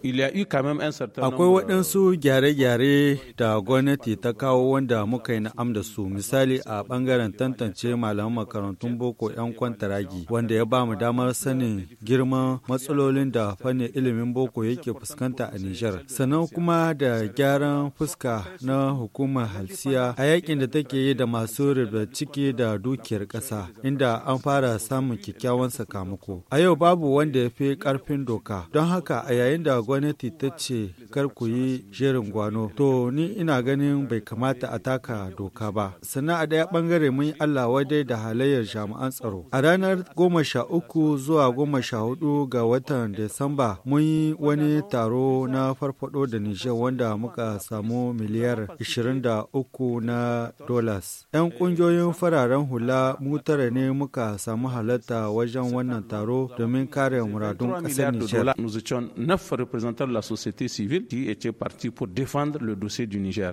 Akwai waɗansu gyare-gyare da gwamnati ta kawo wanda muka yi na'am da su misali a ɓangaren tantance malaman makarantun boko 'yan kwantaragi wanda ya ba mu damar sanin girman matsalolin da fanni ilimin boko yake fuskanta a Nijar. Sannan kuma da gyaran fuska na hukumar halsiya a yakin da take yi da masu riba ciki da dukiyar ƙasa inda an fara samun kyakkyawan sakamako. A yau babu wanda ya fi ƙarfin doka don haka a yayin da gwamnati ta ce kar ku yi jerin gwano to ni ina ganin bai kamata a taka doka ba sannan a daya ɓangare mun yi allah wadai da halayyar jami'an tsaro a ranar goma sha uku zuwa goma sha hudu ga watan disamba mun yi wani taro na farfado da nijar wanda muka samu miliyar 23 na dollars 'yan ƙungiyoyin fararen hula mu tara ne muka samu halatta wajen wannan taro domin kare muradun ƙasar nijar qui était parti pour défendre le dossier du Niger.